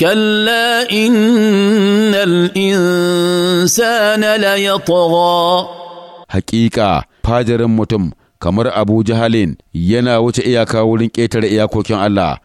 كلا إن الإنسان ليطغى حقيقة فاجر متم kamar Abuja-Halin, yana wace iyaka wurin ƙetare iyakokin Allah